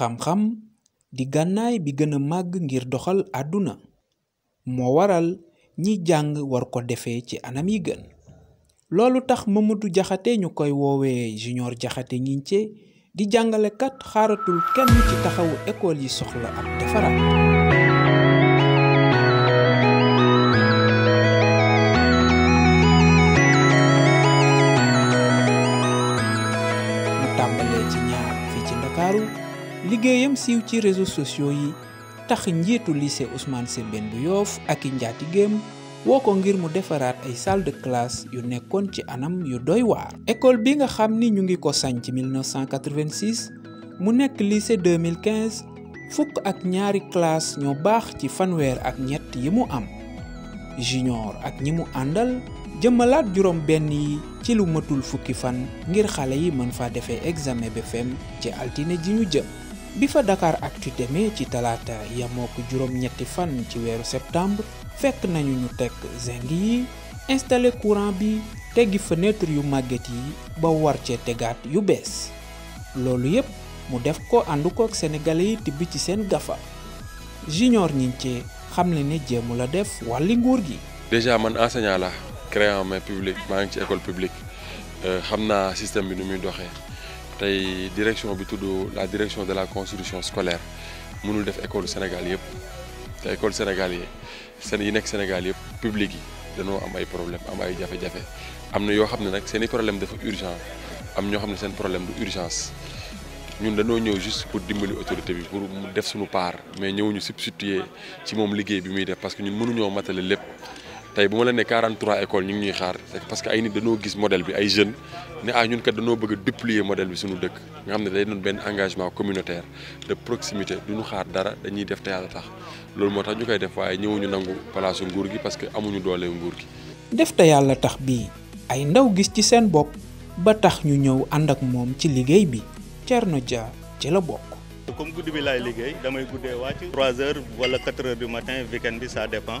xam-xam di gannaay bi gëna mag ngir doxal àdduna moo waral ñi jàng war ko defee ci anam yi gën loolu tax Mamadou jaxate ñu koy woowee Junior Diakhaté Gningue di kat xaaratul kenn ci taxawu école yi soxla ak defaraat tàmbalee ci liggéeyam siiw ci réseaux sociaux yi tax njiitu lycée Ousmane Sembène bu Yoff ak i gem woo ko ngir mu defaraat ay salle de classe yu nekkoon ci anam yu doy waar. école bi nga xam ni ñu ngi ko sañ ci 1986 mu nekk lycée 2015 fukk ak ñaari classe ñoo baax ci fanweer ak ñett yi mu am junior ak ñi mu àndal jëmmalaat juróom benn yi ci lu matul fukki fan ngir xale yi mën fa defee examen BFEM ci altine ji ñu jëm. bi fa Dakaractu demee ci talaata yamook juróom-ñetti fan ci weeru septembre fekk nañu ñu teg zinc yi installé courant bi teggi fenêtre yu màgget yi ba war cee tegaat yu bees loolu yépp mu def ko ànd kook sénégalais yi tibb ci seen gafa junior ñiñ ci xam ne ne jéemu la def wàlli nguur gi déjà man enseignant la créé en main publique maa ngi ci école publique euh, xam naa système bi nu muy doxee tey direction bi tudd la direction de la construction scolaire mënul def école Sénégal yépp te école Sénégal yi sen yi nek Sénégal yépp public yi dañu am ay problème am ay jafé jafé amna yo xamné nak ne problème dafa urgent am ño xamné sen problème du urgence ñun dañu ñëw juste pour dimbali autorité bi pour mu def suñu part mais ñëwuñu substituer ci mom liggéey bi muy def parce que ñun mënuñoo matalé lépp tay buma la né 43 école ñu ngi ñuy xaar parce que ay nit dañu gis modèle bi ay jeunes né ah ñun ka dañu bëgg déployer duplier modèle bi suñu dëkk nga xamné day doon ben engagement communautaire de proximité duñu xaar dara dañuy def te tax lool motax ñukay def way def ñu nangu place nguur gi parce que amuñu doole nguur gi. def te yàlla tax bi ay ndaw gis ci seen bop ba tax ñu ñëw and ak mom ci liggéey bi cierno Dia ci la bokk. comme guddi bi laay liggéey damay guddee wàcc 3 h wala 4 h du matin weekend bi ça dépend.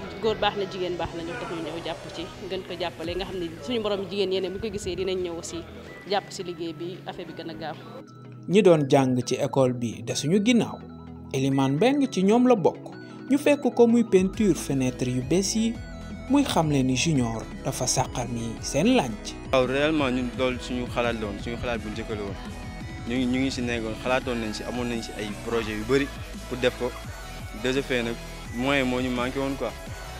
goor baax na jigéen baax na ñoo tax ñu ñew japp ci gën ko jappalé nga xamni suñu borom jigen yene bu ko gisé dinañ ñew aussi japp ci liggéey bi affaire bi gëna gaaw. ñi doon jang ci école bi da suñu ginnaw Eliman Beng ci ñom la bok ñu fekk ko muy peinture fenêtre yu bees yi muy xamle ni junior dafa saxal ni sen lanc aw réellement ñu dool suñu xalaat la suñu xalaat bu njëkk woon ñu ñu ngi si nekkoon xalaatoon nañ ci amon nañ ci ay projet yu bari pour def ko deux effets nak moyen moñu ñu won quoi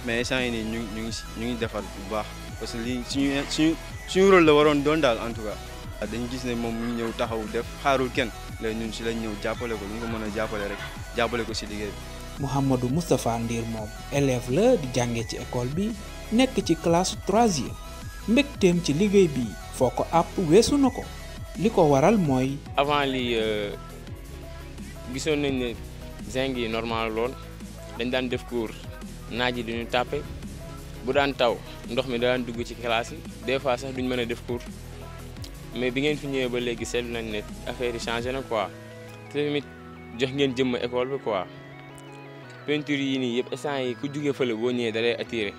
mais instant yii nii ñu ñu ngi ñu ngi defar bu baax parce que lii suñu suñu suñu rôle la waroon doon daal en tout cas dañu gis ne moom mu ñëw taxaw def xaarul kenn léegi ñun si lañ ñëw jàppale ko ñu ko mën a jàppale rek jàppale ko si liggéey bi. Mouhamadou Moustapha Ndir moom élève la di jàngee ci école bi nekk ci classe troisième mbégteem ci liggéey bi foo ko àpp weesu na ko li ko waral mooy. avant lii euh, gisoon nañ ne zinc yi normal lool dañ daan def cours. naaj yi duñu tàppe bu daan taw ndox mi daan dugg ci classe yi des fois sax duñ mën a def cours mais bi ngeen fi ñëwee ba léegi seetlu nañ ne affaire yi changé na quoi te tamit jox ngeen jëmm école bi quoi peinture yi nii yëpp instant yi ku jugee fële boo ñëwee da lay attiré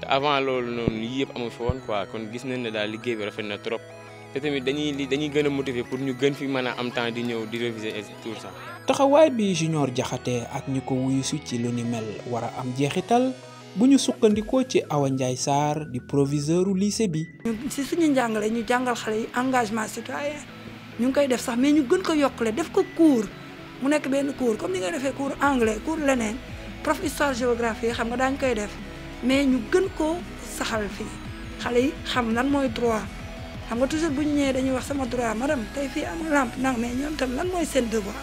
te avant loolu noonu yii yëpp amul fa woon quoi kon gis nañ ne daal liggéey bi rafet na trop te tamit dañuy li dañuy gën a motiver pour ñu gën fi mën a am temps di ñëw di réviser et tout ça. taxawaay bi Junior Diakhaté ak ñi ko wuyusi ci lu ni mel war a am jeexital bu ñu sukkandikoo ci Awa Ndiaye Sarr di proviseur u lycée bi. si suñu njàngale ñu jàngal xale yi engagement citoyen ñu ngi koy def sax mais ñu gën ko yokkale def ko cours mu nekk benn cours comme ni nga defee cours anglais cours leneen prof histoire géographie xam nga daañu koy def mais ñu gën ko saxal fii xale yi xam lan mooy droit. xam nga toujours bu ñu ñëwee dañuy wax sama droit madame tey fii amul lampe nag mais ñoom tam lan mooy seen devoir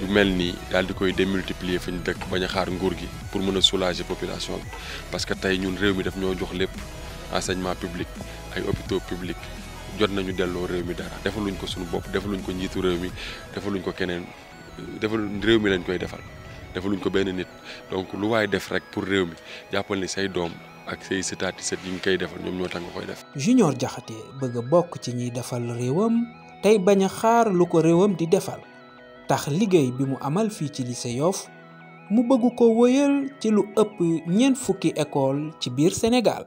lu melni dal di koy démultiplier fiñ dekk baña xaar nguur gi pour mëna soulager population parce que tay ñun réew mi daf ñoo jox lepp enseignement public ay hôpitaux public jot nañu delo réew mi dara defaluñ ko suñu bopp defaluñ ko njitu réew mi defaluñ ko keneen defal réew mi lañ koy defal defaluñ ko benn nit donc lu way def rek pour réew mi jappal ni say dom ak say sitaati set yi ngi koy defal ñom ñoo tang koy def. Junior Jaxate bëgg bok ci ñi defal réewam tay baña xaar lu ko réewam di defal. tax liggéey bi mu amal fii ci lycée Yoff mu bëgg ko wëyal ci lu ëpp ñeent fukki école ci biir Sénégal